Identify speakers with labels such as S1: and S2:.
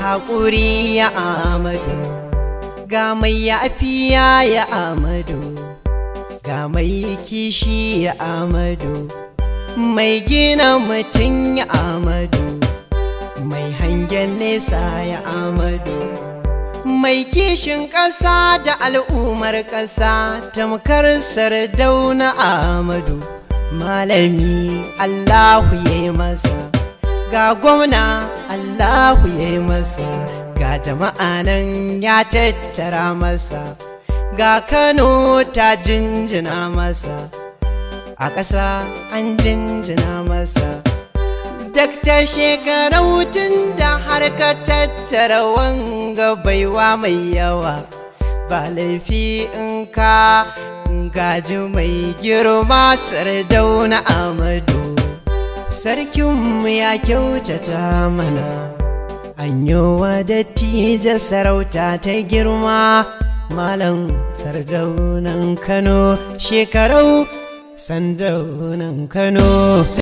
S1: haƙuri ya amadu ga mai yafiya ya amadu ga mai kishi ya amadu mai gina mutum ya amadu mai hangen nesa ya amadu mai kishin ƙasa da al'ummar ƙasa tamkar sardauna amadu malami allahu ya masa ga gwamna allah ku masa ga jama'a nan ya tattara masa ga kano ta jinjina masa a ƙasa an jinjina masa dakta shekarau tun da har ka tattara wanga baiwa mai yawa ba laifi in ka gaji mai girma Sardau na amadu sarkinmu ya kyautata mana Hanyowa da sarauta ta girma Malam sardaunan Kano shekarau sandaunan Kano.